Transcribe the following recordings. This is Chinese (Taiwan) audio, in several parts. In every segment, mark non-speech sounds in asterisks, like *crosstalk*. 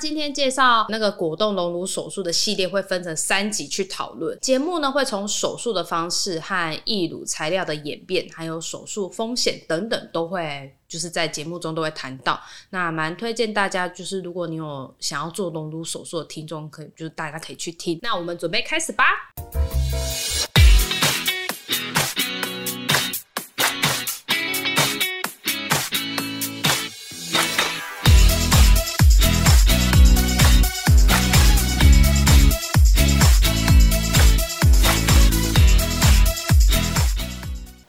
今天介紹那個果凍隆乳手術的系列，會分成三集去討論。節目呢，會從手術的方式和義乳材料的演變，還有手術風險等等，都會就是在節目中都會談到。那蠻推薦大家，就是如果你有想要做隆乳手術的聽眾，可以就是大家可以去聽。那我們準備開始吧。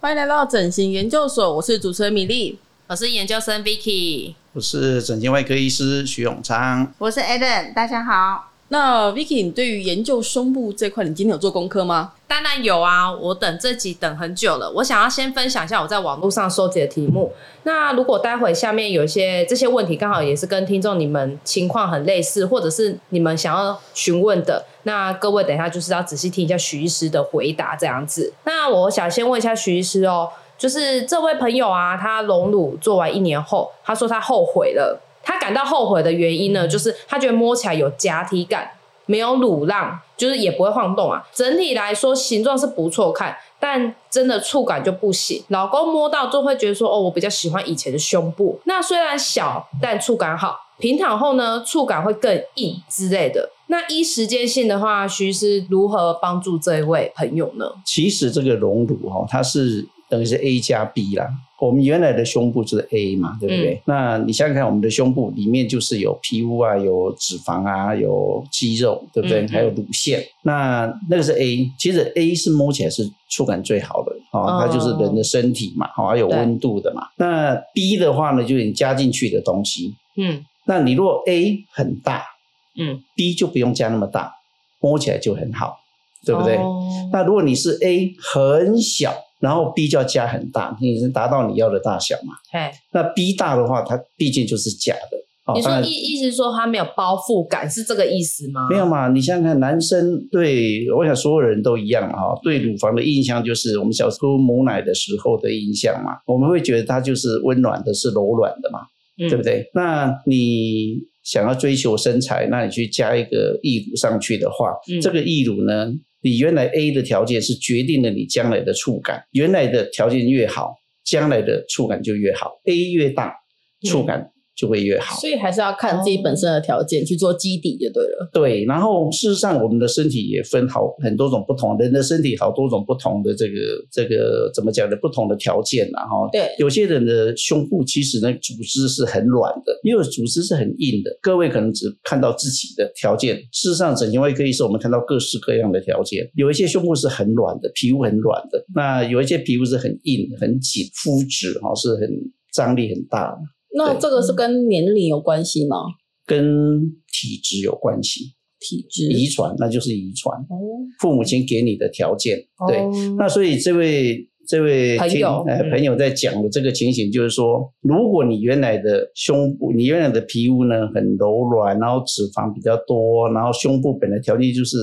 歡迎來到整形研究所，我是主持人米莉，我是研究生 Vicky，我是整形外科醫師徐永昌，我是 Eden，大家好。那 Vicky，你對於研究胸部這塊，你今天有做功課嗎？當然有啊，我等這集等很久了，我想要先分享一下我在網絡上蒐集的題目。那如果待會下面有一些這些問題，剛好也是跟聽眾你們情況很類似，或者是你們想要詢問的。那各位等一下就是要仔細聽一下徐醫師的回答這樣子。那我想先問一下徐醫師哦，就是這位朋友啊，他隆乳做完一年後，他說他後悔了。他感到後悔的原因呢，就是他覺得摸起來有假體感，沒有乳浪，就是也不會晃動啊。整體來說形狀是不錯看，但真的觸感就不行。老公摸到就會覺得說，哦，我比較喜歡以前的胸部。那雖然小，但觸感好。平躺後呢，觸感會更硬之類的。那依時間性的話，徐醫師如何幫助這一位朋友呢？其實這個隆乳哈、哦，它是等於是 A 加 B 啦。我們原來的胸部是 A 嘛，對不對？嗯、那你想想看，我們的胸部裡面就是有皮膚啊，有脂肪啊，有肌肉，對不對？嗯、還有乳腺，那那個是 A。其實 A 是摸起來是觸感最好的，哦，哦它就是人的身體嘛，好、哦、有溫度的嘛。那 B 的話呢，就是你加進去的東西。嗯，那你如果 A 很大。嗯，B 就不用加那麼大，摸起來就很好，對不對？哦、那如果你是 A 很小，然後 B 就要加很大，你能達到你要的大小嘛嘿？那 B 大的話，它畢竟就是假的。哦、你說意意思說它沒有包覆感，是這個意思嗎？沒有嘛，你想想看，男生對，我想所有人都一樣哈、哦，對乳房的印象就是我們小時候母奶的時候的印象嘛，我們會覺得它就是溫暖的，是柔軟的嘛、嗯，對不對？那你。想要追求身材，那你去加一個義乳上去的話、嗯，這個義乳呢，你原來 A 的條件是決定了你將來的觸感，原來的條件越好，將來的觸感就越好，A 越大，觸感、嗯。就會越好，所以還是要看自己本身的條件、哦、去做基底就對了。對，然後事實上我們的身體也分好很多種不同人的身體好多種不同的這個這個怎麼講的不同的條件、啊，然後對有些人的胸部其實呢組織是很軟的，因為組織是很硬的。各位可能只看到自己的條件，事實上整形外科醫生我們看到各式各樣的條件，有一些胸部是很軟的，皮膚很軟的，那有一些皮膚是很硬很緊，膚質哈、哦、是很張力很大。那這個是跟年齡有關係嗎？跟體質有關係，體質遺傳，那就是遺傳，哦。父母親給你的條件。哦。對，那所以這位這位聽，朋友，呃，朋友在講的這個情形，就是說，如果你原來的胸部，你原來的皮膚呢很柔軟，然後脂肪比較多，然後胸部本來條件就是。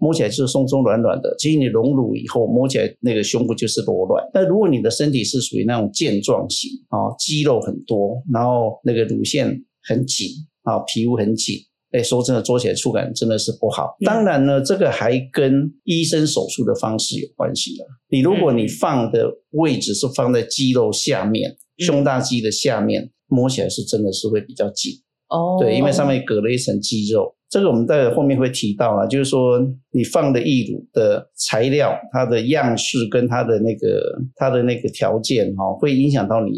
摸起來就是鬆鬆軟軟的，其實你隆乳以後摸起來那個胸部就是柔軟。那如果你的身體是屬於那種健壯型啊、哦，肌肉很多，然後那個乳腺很緊啊、哦，皮膚很緊，哎，說真的，做起來觸感真的是不好、嗯。當然呢，這個還跟醫生手術的方式有關係的。你如果你放的位置是放在肌肉下面、嗯，胸大肌的下面，摸起來是真的是會比較緊哦。對，因為上面隔了一層肌肉。這個我們在後面會提到啊，就是說你放的義乳的材料、它的樣式跟它的那個它的那個條件哈、哦，會影響到你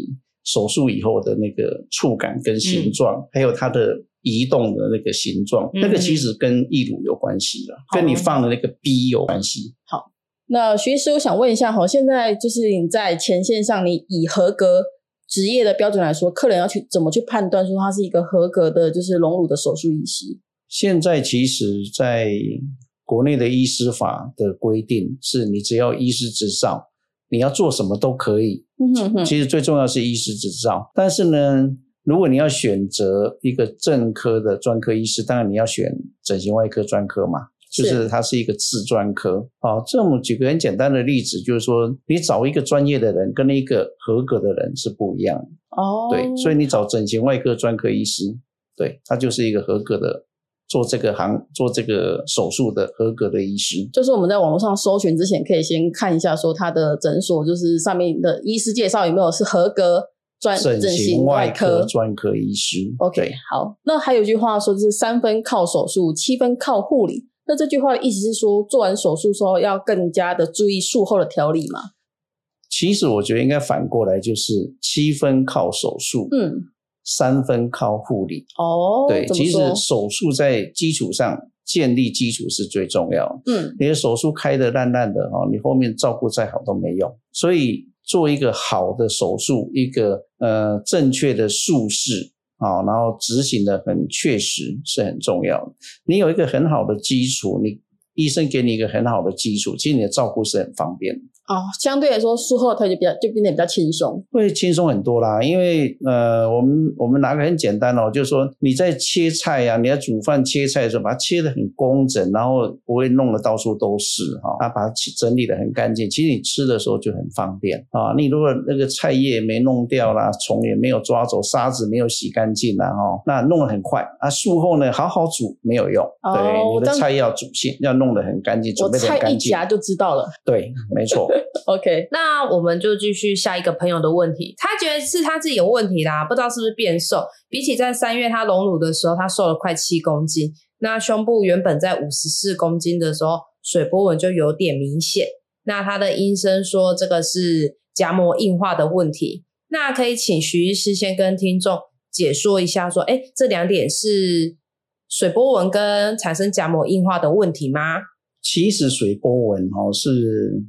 手術以後的那個觸感跟形狀，嗯、還有它的移動的那個形狀，嗯、那個其實跟義乳有關係的、啊，跟你放的那個 B 有關係。好，好那徐醫師，我想問一下哈，現在就是你在前線上，你以合格職業的標準來說，客人要去怎麼去判斷說他是一個合格的，就是隆乳的手術醫師？現在其實，在國內的醫師法的規定是，你只要醫師執照，你要做什麼都可以。嗯哼,哼。其實最重要是醫師執照。但是呢，如果你要選擇一個正科的專科醫師，當然你要選整形外科專科嘛，是就是它是一個次專科。啊、哦，這麼舉個很簡單的例子，就是說你找一個專業的人，跟一個合格的人是不一樣的。哦，對，所以你找整形外科專科醫師，對，他就是一個合格的。做這個行做這個手術的合格的醫師，就是我們在網絡上搜尋之前，可以先看一下說他的診所，就是上面的醫師介紹有沒有是合格專整形外科專科醫師。OK，好。那還有一句話說，是三分靠手術，七分靠護理。那這句話的意思是說，做完手術之後要更加的注意術後的調理嘛？其實我覺得應該反過來，就是七分靠手術。嗯。三分靠護理哦，對，其實手術在基礎上建立基礎是最重要的。嗯，你的手術開得爛爛的哦，你後面照顧再好都沒用。所以做一個好的手術，一個呃正確的術式啊，然後執行的很確實是很重要的。你有一個很好的基礎，你醫生給你一個很好的基礎，其實你的照顧是很方便的。哦，相對來說術後它就比較就變得比較輕鬆，會輕鬆很多啦。因為呃，我們我們拿個很簡單哦，就是說你在切菜呀、啊，你在煮飯切菜的時候，把它切得很工整，然後不會弄得到處都是哈、哦，啊把它整理得很乾淨。其實你吃的時候就很方便啊、哦。你如果那個菜葉沒弄掉啦，蟲也沒有抓走，沙子沒有洗乾淨啦、啊、哈、哦，那弄得很快啊。術後呢，好好煮沒有用，哦、對我，你的菜要煮先要弄得很乾淨，準備得很乾淨。我菜一夾就知道了，對，沒錯。 *laughs* OK，那我們就繼續下一個朋友的問題。他覺得是他自己有問題啦，不知道是不是變瘦。比起在三月他隆乳的時候，他瘦了快七公斤。那胸部原本在五十四公斤的時候，水波紋就有點明顯。那他的醫生說這個是莢膜硬化的問題。那可以請徐醫師先跟聽眾解說一下說，說哎，這兩點是水波紋跟產生莢膜硬化的問題嗎？其實水波紋哦是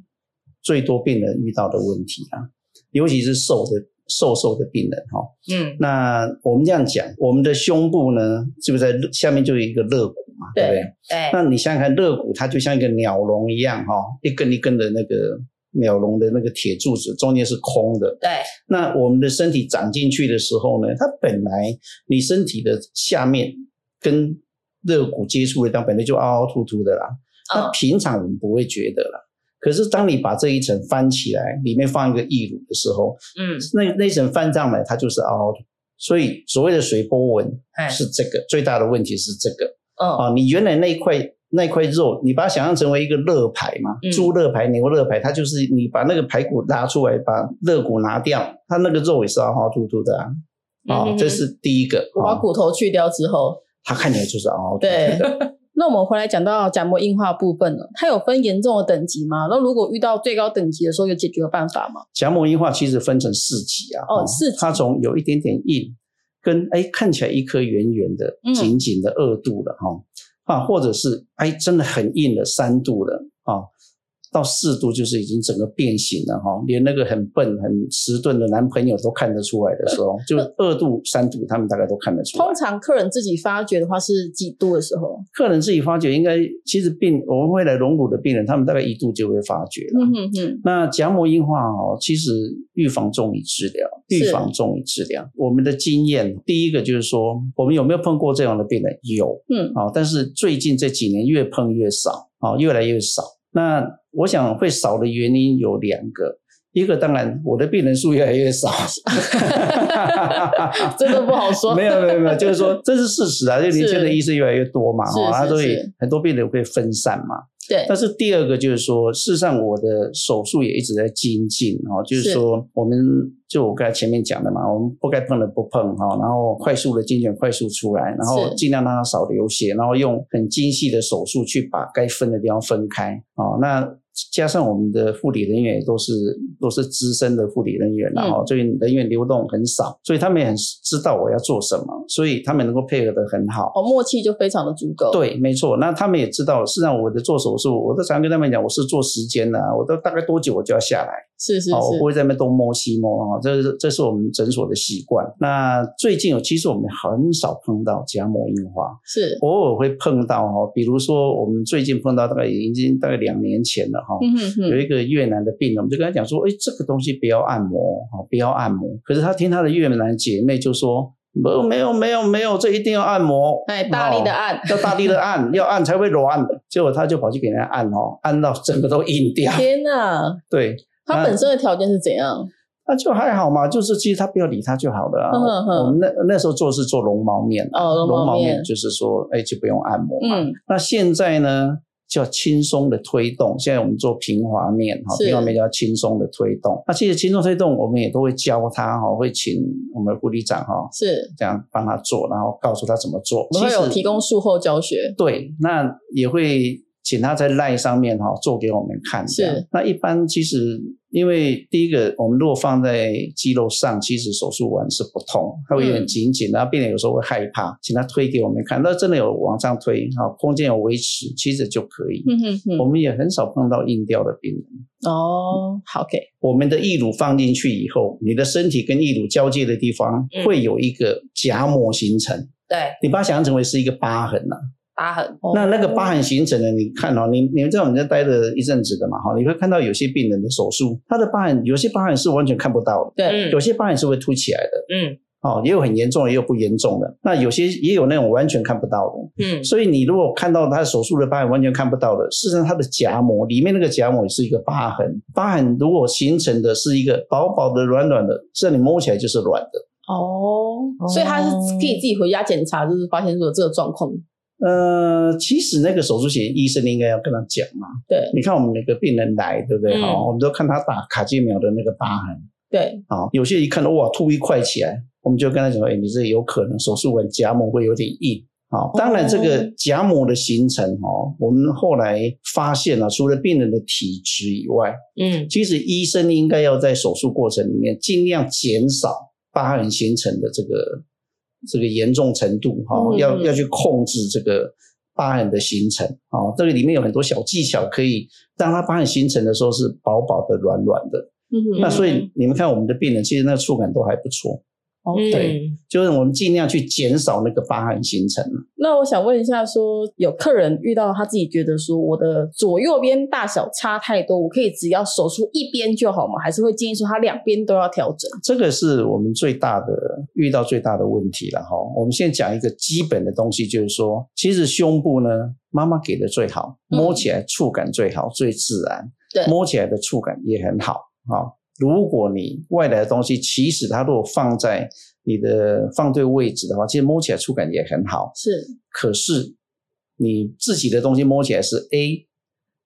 最多病人遇到的問題啊，尤其是瘦的瘦瘦的病人哈、哦，嗯，那我們這樣講，我們的胸部呢，是不是在下面就有一個肋骨嘛對？對不對？對。那你想想看，肋骨它就像一個鳥籠一樣哈、哦，一根一根的那個鳥籠的那個鐵柱子，中間是空的。對。那我們的身體長進去的時候呢，它本來你身體的下面跟肋骨接觸的地方本來就凹凹凸凸的啦、哦，那平常我們不會覺得啦。可是，當你把這一層翻起來，裡面放一個義乳的時候，嗯，那那層翻上來，它就是凹凹凸。所以，所謂的水波紋是這個、欸、最大的問題是這個。哦，哦你原來那一塊那塊肉，你把它想象成為一個肋排嘛、嗯，豬肋排、牛肋排，它就是你把那個排骨拉出來，把肋骨拿掉，它那個肉也是凹凹凸凸的啊嗯嗯嗯。哦，這是第一個、哦，把骨頭去掉之後，它看起來就是凹凹凸。 *laughs* 對。那我們回來講到莢膜硬化部分了，它有分嚴重的等級嗎？那如果遇到最高等級的時候，有解決的辦法嗎？莢膜硬化其實分成四級啊，哦，四級，它總有一點點硬，跟哎看起來一顆圓圓的，緊緊的二度了哈，啊、嗯，或者是哎真的很硬的三度了啊。哦到四度就是已經整個變形了哈、哦，連那個很笨很遲鈍的男朋友都看得出來的時候，就二度 *laughs* 三度，他們大概都看得出來。通常客人自己發覺的話是幾度的時候？客人自己發覺應該其實病我們未來隆乳的病人，他們大概一度就會發覺了。嗯嗯嗯。那莢膜硬化哦，其實預防重於治療，預防重於治療。我們的經驗，第一個就是說，我們有沒有碰過這樣的病人？有，嗯，好、哦，但是最近這幾年越碰越少，哦，越來越少。那我想會少的原因有兩個，一個當然我的病人數越來越少， *laughs* *laughs* 真的不好說。沒有沒有沒有，就是說這是事實啊，就年輕的醫生越來越多嘛，哈，他都會很多病人會分散嘛。對。但是第二個就是說，事實上我的手術也一直在精進，哈、哦，就是說我們就我剛才前面講的嘛，我們不該碰的不碰，哈，然後快速的精準快速出來，然後盡量讓它少流血，然後用很精細的手術去把該分的地方分開，哦，那。加上我們的護理人員也都是都是資深的護理人員，嗯、然後所以人員流動很少，所以他們也很知道我要做什麼，所以他們能夠配合得很好，哦、默契就非常的足夠。對，沒錯，那他們也知道，實際上我的做手術，我都常跟他們講，我是做時間的、啊，我都大概多久我就要下來。是是是、哦，我不會在那邊東摸西摸啊，這是這是我們診所的習慣。那最近有，其實我們很少碰到莢膜硬化，是偶爾會碰到哈。比如說，我們最近碰到大概已經大概兩年前了哈。嗯，有一個越南的病人，我們就跟他講說：“哎、欸，這個東西不要按摩，哈，不要按摩。”可是他聽他的越南姐妹就說：“沒有沒有，沒有，沒有，這一定要按摩，哎，大力的按，要大力的按， *laughs* 要按才會軟。”結果他就跑去給人家按哦，按到整個都硬掉。天哪、啊！對。他本身的條件是怎樣、啊？那就還好嘛，就是其實他不要理他就好了、啊呵呵呵。我們那那時候做的是做絨毛面，絨毛面、哦、絨毛面就是說，哎、欸，就不用按摩嘛、啊嗯。那現在呢，叫輕鬆的推動。現在我們做平滑面哈，平滑面叫輕鬆的推動。那其實輕鬆推動，我們也都會教他哈，會請我們的護理長哈，是這樣幫他做，然後告訴他怎麼做。會有提供術後教學。對，那也會。請他在 line 上面哈、哦、做給我們看這樣。是。那一般其實，因為第一個，我們如果放在肌肉上，其實手術完是不痛，它會有點緊緊、嗯，然後病人有時候會害怕，請他推給我們看。那真的有往上推哈、哦，空間有維持，其實就可以。嗯哼嗯，我們也很少碰到硬掉的病人。哦、嗯，好的，我們的義乳放進去以後，你的身體跟義乳交界的地方、嗯、會有一個莢膜形成。對。你把它想象成為是一個疤痕了、啊。疤痕，那那個疤痕形成的，okay. 你看哦，你你們在我們這待了一陣子的嘛，哈，你會看到有些病人的手術，他的疤痕，有些疤痕是完全看不到的，對，有些疤痕是會凸起來的，嗯，哦，也有很嚴重也有不嚴重的，那有些也有那種完全看不到的，嗯，所以你如果看到他手術的疤痕完全看不到的，事實上他的莢膜裡面那個莢膜也是一個疤痕，疤痕如果形成的是一個薄薄的、軟軟的，像你摸起來就是軟的，哦，所以他是可以自己回家檢查，就是發現如果這個狀況。呃，其實那個手術前醫生應該要跟他講嘛。對，你看我們每個病人來，對不對哈、嗯？我們都看他打卡介苗的那個疤痕。對，啊，有些一看到哇凸一塊起來，我們就跟他講、欸、你這有可能手術完莢膜會有點硬啊。當然，這個莢膜的形成哈，我們後來發現了、啊，除了病人的體質以外，嗯，其實醫生應該要在手術過程裡面盡量減少疤痕形成的這個。這個嚴重程度哈、哦嗯，要要去控制這個疤痕的形成啊，這個裡面有很多小技巧，可以當它疤痕形成的時候是薄薄的、軟軟的。嗯，那所以你們看我們的病人，其實那個觸感都還不錯。哦嗯、對，就是我們盡量去減少那個疤痕形成。那我想問一下說，說有客人遇到他自己覺得說我的左右邊大小差太多，我可以只要手術一邊就好嗎？還是會建議說他兩邊都要調整？這個是我們最大的遇到最大的問題了哈、哦。我們現在講一個基本的東西，就是說，其實胸部呢，媽媽給的最好、嗯，摸起來觸感最好，最自然，對，摸起來的觸感也很好，好、哦。如果你外來的東西，其實它如果放在你的放對位置的話，其實摸起來觸感也很好。是，可是你自己的東西摸起來是 A，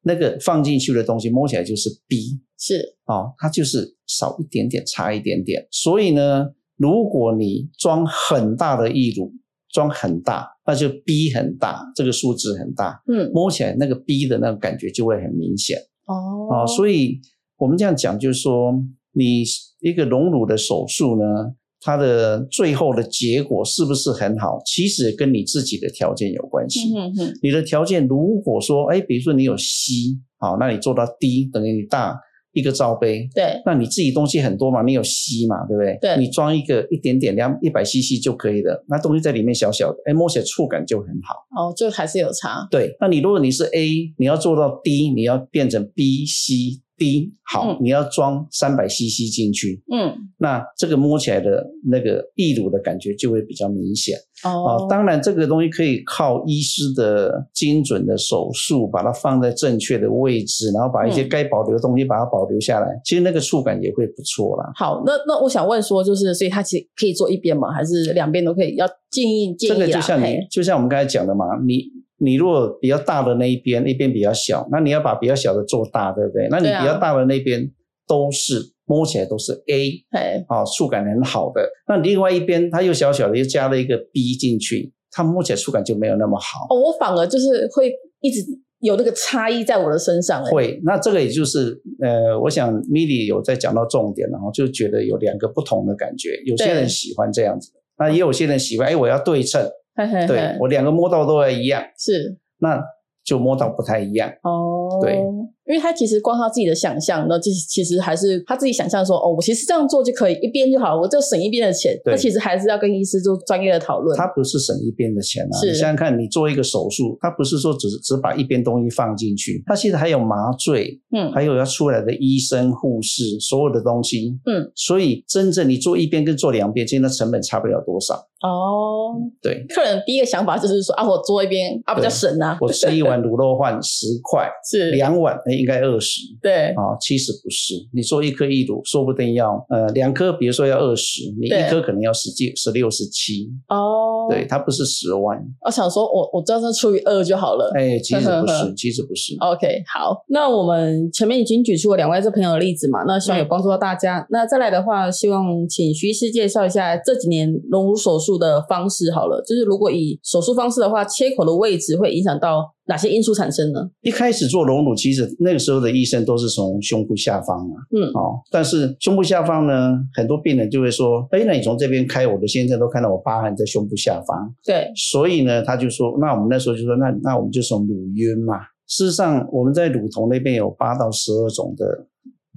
那個放進去的東西摸起來就是 B。是，哦，它就是少一點點，差一點點。所以呢，如果你裝很大的義乳，裝很大，那就 B 很大，這個數字很大。嗯，摸起來那個 B 的那個感覺就會很明顯。哦，啊、哦，所以。我們這樣講，就是說，你一個隆乳的手術呢，它的最後的結果是不是很好？其實跟你自己的條件有關係。嗯，嗯，嗯。你的條件如果說，誒，比如說你有 C，好，那你做到 D，等於你大一個罩杯。對。那你自己東西很多嘛，你有 C 嘛，對不對？對。你裝一個一點點，兩一百 CC 就可以了。那東西在裡面小小的，誒，摸起來觸感就很好。哦，就還是有差。對。那你如果你是 A，你要做到 D，你要變成 B、C。低好、嗯，你要裝三百 CC 進去，嗯，那這個摸起來的那個義乳的感覺就會比較明顯哦。當然，這個東西可以靠醫師的精準的手術，把它放在正確的位置，然後把一些該保留的東西把它保留下來。嗯、其實那個觸感也會不錯啦。好，那那我想問說，就是所以它其實可以做一邊嗎，還是兩邊都可以？要建議，建議啊。這個就像你，就像我們剛才講的嘛，你。你如果比較大的那一邊，那邊比較小，那你要把比較小的做大，對不對？那你比較大的那邊、啊、都是摸起來都是 A，對，哦，觸感很好的。那另外一邊它又小小的，又加了一個 B 進去，它摸起來觸感就沒有那麼好，哦。我反而就是會一直有那個差異在我的身上、欸。會，那這個也就是呃，我想 Mili 有在講到重點，然後就覺得有兩個不同的感覺，有些人喜歡這樣子，那也有些人喜歡，哎、欸，我要對稱。 *noise* 對，我兩個摸到都一樣，是，那就摸到不太一樣。哦、oh.。對，因為他其實光他自己的想象呢，那其實其實還是他自己想象說，哦，我其實這樣做就可以一邊就好，我就省一邊的錢。那其實還是要跟醫師做專業的討論。他不是省一邊的錢啊！是。你想想看，你做一個手術，他不是說只只把一邊東西放進去，他其實還有麻醉，嗯，還有要出來的醫生、護士，所有的東西，嗯，所以真正你做一邊跟做兩邊，其實那成本差不了多少。哦、嗯，對，客人第一個想法就是說，啊，我做一邊啊比較省啊，我吃一碗滷肉飯十 *laughs* 塊。是兩碗那應該二十。對、哦、啊，其實不是。你說一顆義乳，說不定要呃兩顆，比如說要二十，你一顆可能要十幾、十六、十七哦。對，它不是十萬。我想說我，我我知道它除以二就好了。哎，其實不是呵呵，其實不是。OK，好，那我們前面已經舉出了兩位這朋友的例子嘛，那希望有幫助到大家。嗯、那再來的話，希望請徐醫師介紹一下這幾年隆乳手術的方式好了。就是如果以手術方式的話，切口的位置會影響到。哪些因素產生呢？一開始做隆乳，其實那個時候的醫生都是從胸部下方啊，嗯，哦，但是胸部下方呢，很多病人就會說，哎，那你從這邊開，我的先生都看到我疤痕在胸部下方，對，所以呢，他就說，那我們那時候就說，那那我們就從乳暈嘛。事實上，我們在乳頭那邊有八到十二種的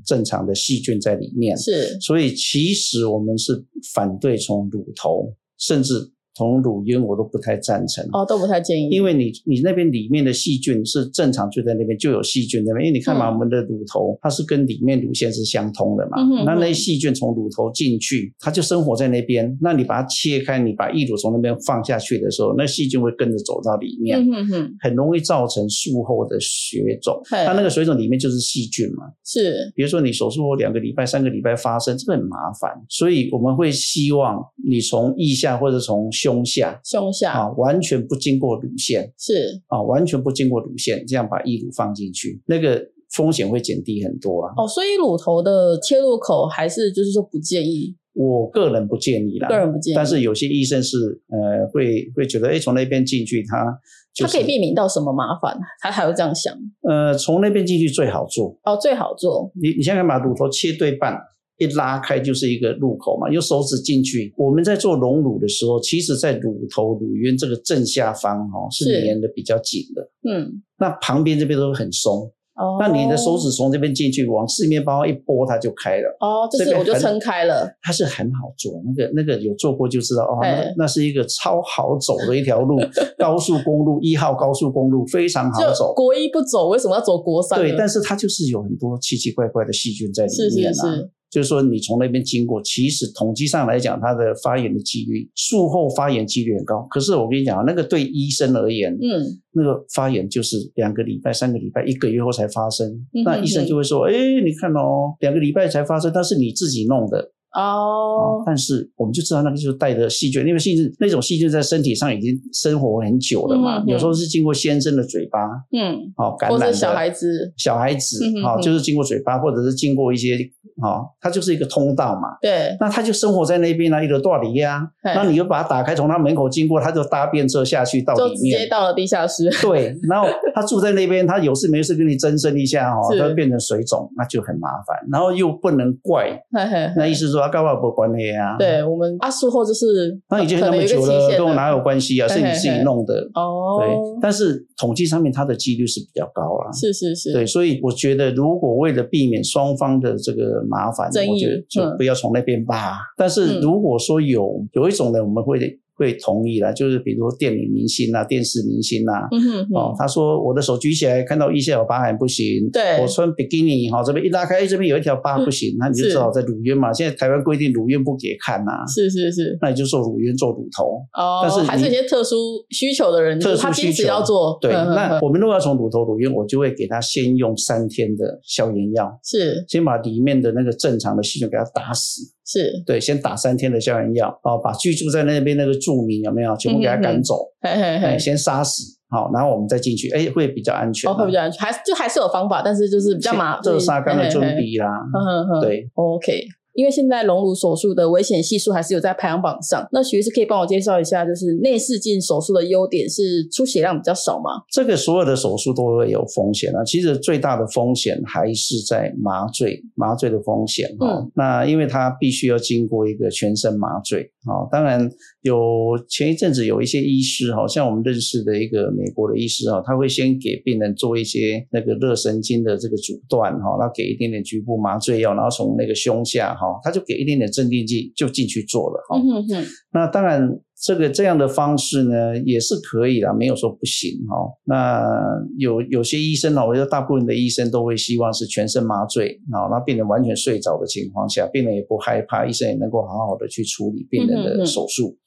正常的細菌在裡面，是，所以其實我們是反對從乳頭，甚至。從乳暈我都不太贊成哦，都不太建議，因為你你那邊裡面的細菌是正常，就在那邊就有細菌在那邊，因為你看嘛，嗯、我們的乳頭它是跟裡面乳腺是相通的嘛、嗯哼哼，那那細菌從乳頭進去，它就生活在那邊。那你把它切開，你把義乳從那邊放下去的時候，那細菌會跟着走到裡面，嗯、哼哼，很容易造成術後的血腫。那那個血腫裡面就是細菌嘛，是。比如說你手術後兩個禮拜、三個禮拜發生，這個很麻煩，所以我們會希望你從腋下或者從胸下，胸下啊、哦，完全不經過乳腺，是啊、哦，完全不經過乳腺，這樣把義乳放進去，那個風險會減低很多啦、啊。哦，所以乳頭的切入口還是就是說不建議，我個人不建議啦，個人不建議。但是有些醫生是呃會會覺得，哎，從那邊進去他、就是，他他可以避免到什麼麻煩？他還會這樣想。呃，從那邊進去最好做哦，最好做。你你現在把乳頭切對半。一拉開就是一個入口嘛，用手指進去。我們在做隆乳的時候，其實，在乳頭、乳暈這個正下方、哦，哈，是粘的比較緊的。嗯，那旁邊這邊都很鬆。哦，那你的手指從這邊進去，往四面八方一撥，它就開了。哦，這，這邊我就撐開了。它是很好做，那個那個有做過就知道哦、哎那，那是一個超好走的一條路， *laughs* 高速公路一號高速公路非常好走。國一不走，為什麼要走國三？對，但是它就是有很多奇奇怪怪的細菌在裡面、啊、是、是、是就是說，你從那邊經過，其實統計上來講，它的發炎的幾率，術後發炎幾率很高。可是我跟你講啊，那個對醫生而言，嗯，那個發炎就是兩個禮拜、三個禮拜、一個月後才發生，那醫生就會說，哎、嗯欸，你看哦，兩個禮拜才發生，它是你自己弄的。Oh, 哦，但是我們就知道那個就是帶着細菌，因為細菌那種細菌在身體上已經生活很久了嘛、嗯嗯。有時候是經過先生的嘴巴，嗯，哦，感染的或是小孩子，小孩子，嗯、哦、嗯，就是經過嘴巴，或者是經過一些，哦，它就是一個通道嘛。對。那他就生活在那邊啊，一個道理啊。那你就把它打開，從他門口經過，他就搭便車下去到裡面，就直接到了地下室。對。然後他住在那邊，他 *laughs* 有事沒事跟你增生一下，哦，他變成水腫，那就很麻煩。然後又不能怪，嘿嘿嘿那意思說、就是。沒關係啊。對我們啊，術後就是那、啊，那已經那麼久了，跟我哪有關係啊？是你自己弄的哦。對，但是統計上面它的幾率是比較高啊。是是是，對，所以我覺得，如果為了避免雙方的這個麻煩，我覺得就不要從那邊吧。嗯、但是如果說有有一種人，我們會。會同意了，就是比如說，電影明星啊，電視明星啊，嗯哼哼，哦，他說，我的手舉起來，看到腋下有疤痕不行，對，我穿比基尼哈，哦，這邊一拉開，這邊有一條疤不行，嗯，那你就只好在乳暈嘛。現在台灣規定乳暈不給看吶，啊，是是是，那你就做乳暈做乳頭，哦，但是還是一些特殊需求的人，特殊需求、就是、要做，對呵呵。那我們如果要從乳頭乳暈，我就會給他先用三天的消炎藥，是，先把裡面的那個正常的細菌給它打死。是對，先打三天的消炎藥，哦，把居住在那邊那個住民有沒有全部給他趕走，哎、嗯嗯嗯，先殺死，好、哦，然後我們再進去，誒，會比較安全、啊哦，會比較安全，還就還是有方法，但是就是比較麻煩，就殺、是、干的豬鼻啦，嘿嘿嘿嘿對、嗯嗯嗯、對，OK。因為現在隆乳手術的危險係數還是有在排行榜上。那徐醫師可以幫我介紹一下，就是內視鏡手術的優點是出血量比較少嗎？這個所有的手術都會有風險啊，其實最大的風險還是在麻醉，麻醉的風險齁，哦，嗯。那因為它必須要經過一個全身麻醉，哦，當然。有前一陣子有一些醫師哈、哦，像我們認識的一個美國的醫師哈、哦，他會先給病人做一些那個熱神經的這個阻斷哈、哦，然後給一點點局部麻醉藥，然後從那個胸下哈、哦，他就給一點點鎮定劑就進去做了哈、哦嗯。那當然。這個這樣的方式呢，也是可以的，沒有說不行哈、哦。那有有些醫生呢，我覺得大部分的醫生都會希望是全身麻醉啊，那病人完全睡着的情況下，病人也不害怕，醫生也能夠好好的去處理病人的手術。嗯嗯，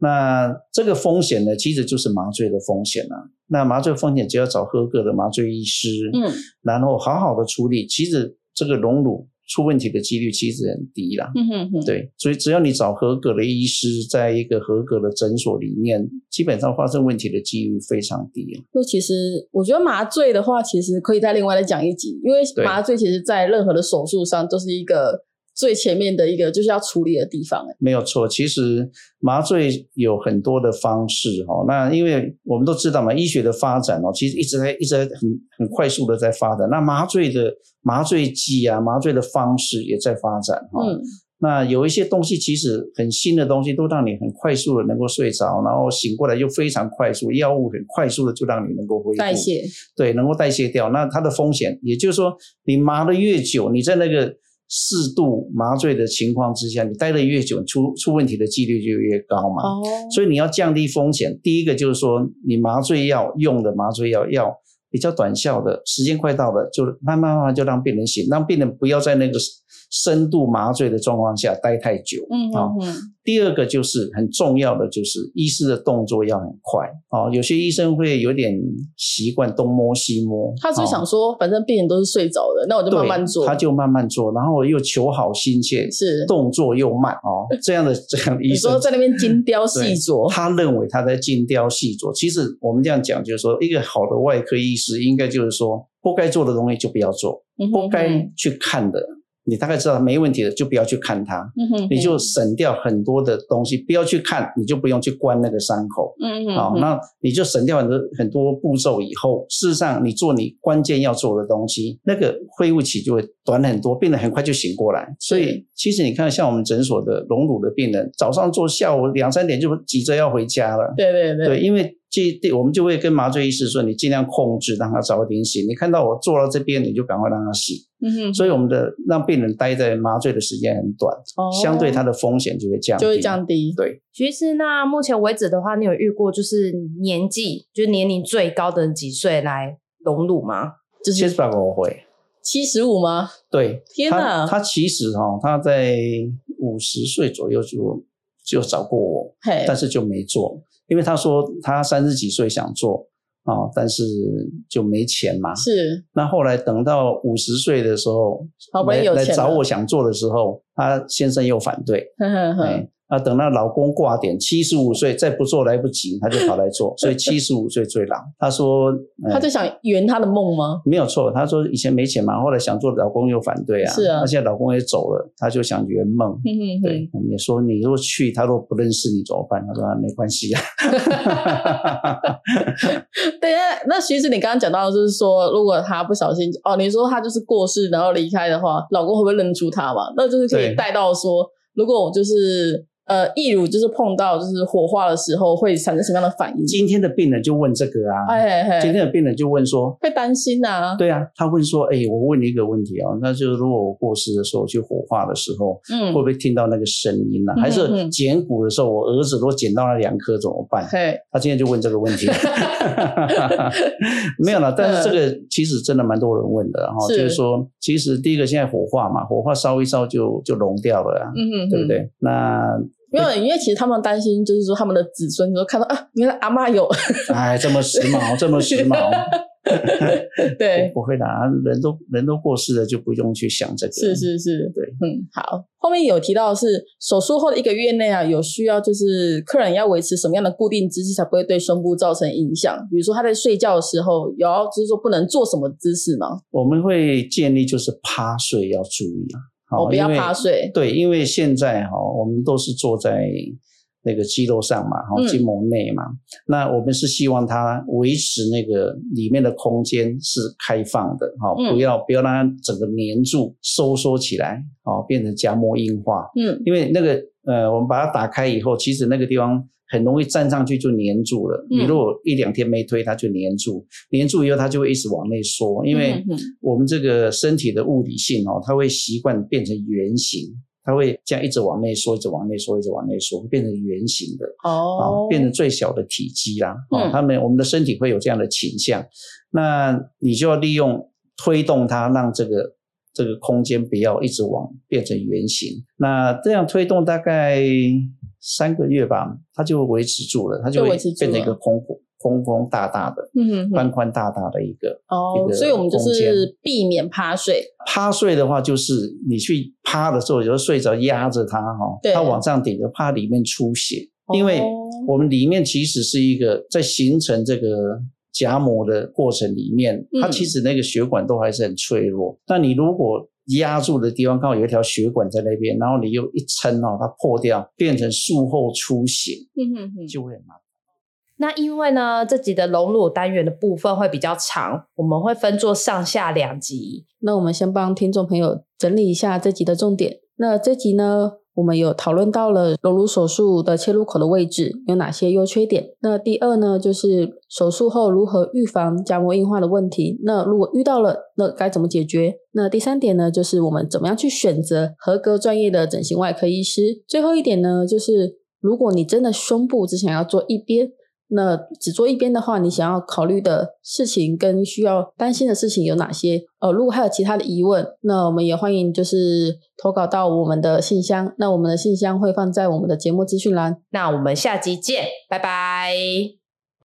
那這個風險呢，其實就是麻醉的風險啊。那麻醉風險只要找合格的麻醉醫師，嗯，然後好好的處理，其實這個隆乳出問題的幾率其實很低啦，嗯哼哼。對，所以只要你找合格的醫師，在一個合格的診所裡面，基本上發生問題的幾率非常低。就其實我覺得麻醉的話，其實可以再另外來講一集，因為麻醉其實在任何的手術上都是一個。最前面的一個就是要處理的地方。欸，沒有錯。其實麻醉有很多的方式，哦，哈。那因為我們都知道嘛，醫學的發展哦，其實一直在一直在很很快速的在發展。那麻醉的麻醉劑啊，麻醉的方式也在發展，哦、哈、嗯。那有一些東西其實很新的東西，都讓你很快速的能夠睡着，然後醒過來又非常快速，藥物很快速的就讓你能夠恢復代謝，對，能夠代謝掉。那它的風險，也就是說，你麻的越久，你在那個。適度麻醉的情況之下，你待的越久，出出問題的幾率就越高嘛。Oh. 所以你要降低風險，第一個就是說，你麻醉藥用的麻醉藥要比較短效的，時間快到了，就慢慢慢慢就讓病人醒，讓病人不要在那個。深度麻醉的狀況下待太久，嗯哼哼。嗯、哦。第二個就是很重要的，就是醫師的動作要很快啊、哦。有些醫生會有點習慣東摸西摸，他就想說、哦，反正病人都是睡着的，那我就慢慢做，他就慢慢做，然後又求好心切，是動作又慢哦。這樣的這樣的醫生你說在那邊精雕細琢，他認為他在精雕細琢。其實我們這樣講，就是說，一個好的外科醫師應該就是說，不該做的東西就不要做，不該去看的。嗯哼哼你大概知道沒問題的，就不要去看它，嗯哼哼，你就省掉很多的東西，不要去看，你就不用去關那個傷口，嗯、哼哼，好，那你就省掉很多很多步驟以後，事實上你做你關鍵要做的東西，那個恢復期就會短很多，病人很快就醒過來。所以其實你看，像我們診所的隆乳的病人，早上做，下午兩三點就急着要回家了。對對對，對，因為。即，我們就會跟麻醉醫師說，你儘量控制，讓他早點醒。你看到我坐到這邊，你就趕快讓他醒。嗯哼。所以我們的讓病人待在麻醉的時間很短，哦，相對他的風險就會降低。就會降低。對。其實那目前為止的話，你有遇過就是年紀，就年齡最高的幾歲來隆乳嗎？七十五，我會。七十五嗎？對。天哪！他，他其實哈，哦，他在五十歲左右就就找過我，但是就沒做。因為他說他三十幾歲想做啊，哦，但是就沒錢嘛。是。那後來等到五十歲的時候，哦，來來找我想做的時候，他先生又反對。呵呵呵。嗯。啊，等到老公掛點七十五歲再不做來不及，他就跑來做， *laughs* 所以七十五歲最老。他說、 *laughs* 嗯，他就想圓他的夢嗎？沒有錯，他說以前沒錢嘛，後來想做老公又反對啊，是啊，現在老公也走了，他就想圓夢。嗯，你也說你如果去，他如果不認識你怎麼辦？他說、啊、沒關係啊。對 *laughs* 啊， *laughs* 那其實你剛剛講到的就是說，如果他不小心哦，你說他就是過世然後離開的話，老公會不會認出他嘛？那就是可以帶到說，如果我就是。呃，例如就是碰到就是火化的時候會產生什麼樣的反應？今天的病人就問這個啊，哎、嘿嘿今天的病人就問說，會擔心吶、啊？對啊，他問說，誒、欸、我問你一個問題啊、哦，那就是如果我過世的時候去火化的時候、嗯，會不會聽到那個聲音呢、啊嗯嗯嗯？還是撿骨的時候，我兒子如果撿到了兩顆怎麼辦嗯嗯？他今天就問這個問題。 *laughs* *laughs* *laughs* 沒有了，但是這個其實真的蠻多人問的、哦，就是說，其實第一個現在火化嘛，火化燒一燒就就融掉了啊嗯嗯嗯，對不對？那。沒有，因為其實他們擔心，就是說他們的子孫都看到啊，你看阿嬤有，哎，這麼時髦，這麼時髦，對，呵呵對我不會的，人都人都過世了，就不用去想這個，是是是，對，嗯，好，後面有提到是手術後的一個月內啊，有需要就是客人要維持什麼樣的固定姿勢，才不會對胸部造成影響？比如說他在睡覺的時候，有要就是說不能做什麼姿勢嗎？我們會建議就是趴睡要注意啊。我、哦、比、哦、要怕睡。對，因為現在哈、哦，我們都是坐在那個肌肉上嘛，好、嗯、筋膜內嘛。那我們是希望它維持那個裡面的空間是開放的，好、哦，不要、嗯、不要讓它整個黏住收縮起來，好、哦、變成莢膜硬化。嗯，因為那個呃，我們把它打開以後，其實那個地方。很容易站上去就黏住了。你如果一兩天沒推，它就黏住，黏住以後它就會一直往內縮，因為我們這個身體的物理性哦，它會習慣變成圓形，它會這樣一直往內縮，一直往內縮，一直往內縮，變成圓形的哦，變成最小的體積啦。哦，它們我們的身體會有這樣的傾向，那你就要利用推動它，讓這個這個空間不要一直往變成圓形。那這樣推動大概。三個月吧，它就會維持住了，它就會變成一個空空空大大的、嗯哼哼，寬寬大大的一個。哦個，所以我們就是避免趴睡。趴睡的話，就是你去趴的時候，有時候睡着壓着它哈、哦，它往上頂着怕裡面出血，因為我們裡面其實是一個在形成這個莢膜的過程裡面、嗯，它其實那個血管都還是很脆弱。那你如果壓住的地方剛好有一條血管在那邊，然後你又一撐哦，它破掉，變成術後出血，嗯、哼哼就會很麻煩。那因為呢，這集的隆乳單元的部分會比較長，我們會分作上下兩集。那我們先幫聽眾朋友整理一下這集的重點。那這集呢？我們有討論到了隆乳手術的切入口的位置有哪些優缺點。那第二呢，就是手術後如何預防莢膜硬化的問題。那如果遇到了，那該怎麼解決？那第三點呢，就是我們怎麼樣去選擇合格專業的整形外科醫師。最後一點呢，就是如果你真的胸部只想要做一邊。那只做一邊的話，你想要考慮的事情跟需要擔心的事情有哪些？呃，如果還有其他的疑問，那我們也歡迎就是投稿到我們的信箱。那我們的信箱會放在我們的節目資訊欄。那我們下集見，拜拜。